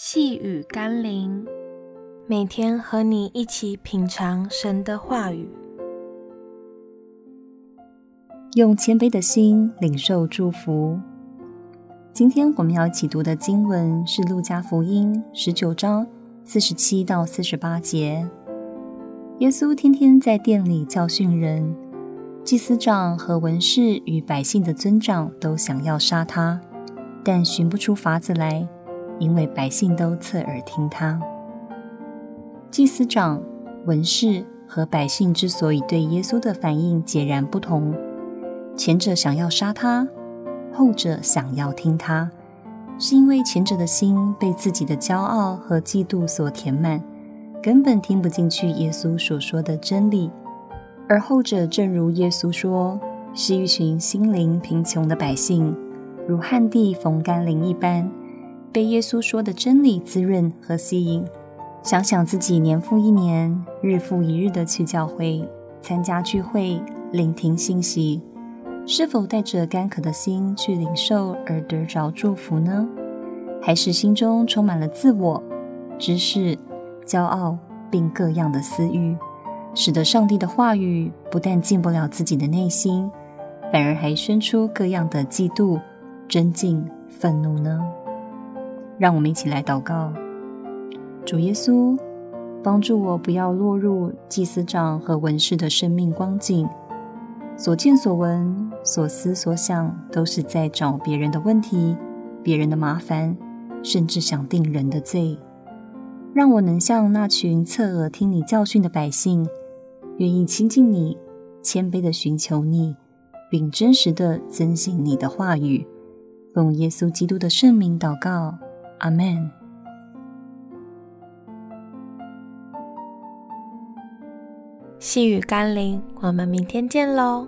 細語甘霖，每天和你一起品嘗神的話語，用謙卑的心領受祝福。今天我們要一起讀的經文是《路加福音》十九章四十七到四十八節。耶穌天天在殿裡教訓人，祭司長和文士與百姓的尊長都想要殺他，但尋不出法子來。因為百姓都側耳聽他。祭司長、文士和百姓之所以對耶穌的反應截然不同，前者想要殺他，後者想要聽他，是因為前者的心被自己的驕傲和嫉妒所填滿，根本聽不進去耶穌所說的真理；而後者，正如耶穌說，是一群心靈貧窮的百姓，如旱地逢甘霖一般。被耶穌說的真理滋潤和吸引，想想自己年復一年、日復一日的去教會、參加聚會、聆聽信息，是否帶着乾渴的心去領受而得着祝福呢？還是心中充滿了自我、知識、驕傲並各樣的私慾，使得上帝的話語不但進不了自己的內心，反而還生出各樣的嫉妒、爭競、憤怒呢？讓我們一起來禱告：主耶穌，幫助我不要落入祭司長和文士的生命光景，所見所聞、所思所想都是在找別人的問題、別人的麻煩，甚至想定人的罪。讓我能像那群側耳聽你教訓的百姓，願意親近你、謙卑地尋求你，並真實地遵行你的話語。奉耶穌基督的聖名禱告。Amen。細語甘霖，我們明天見嘍。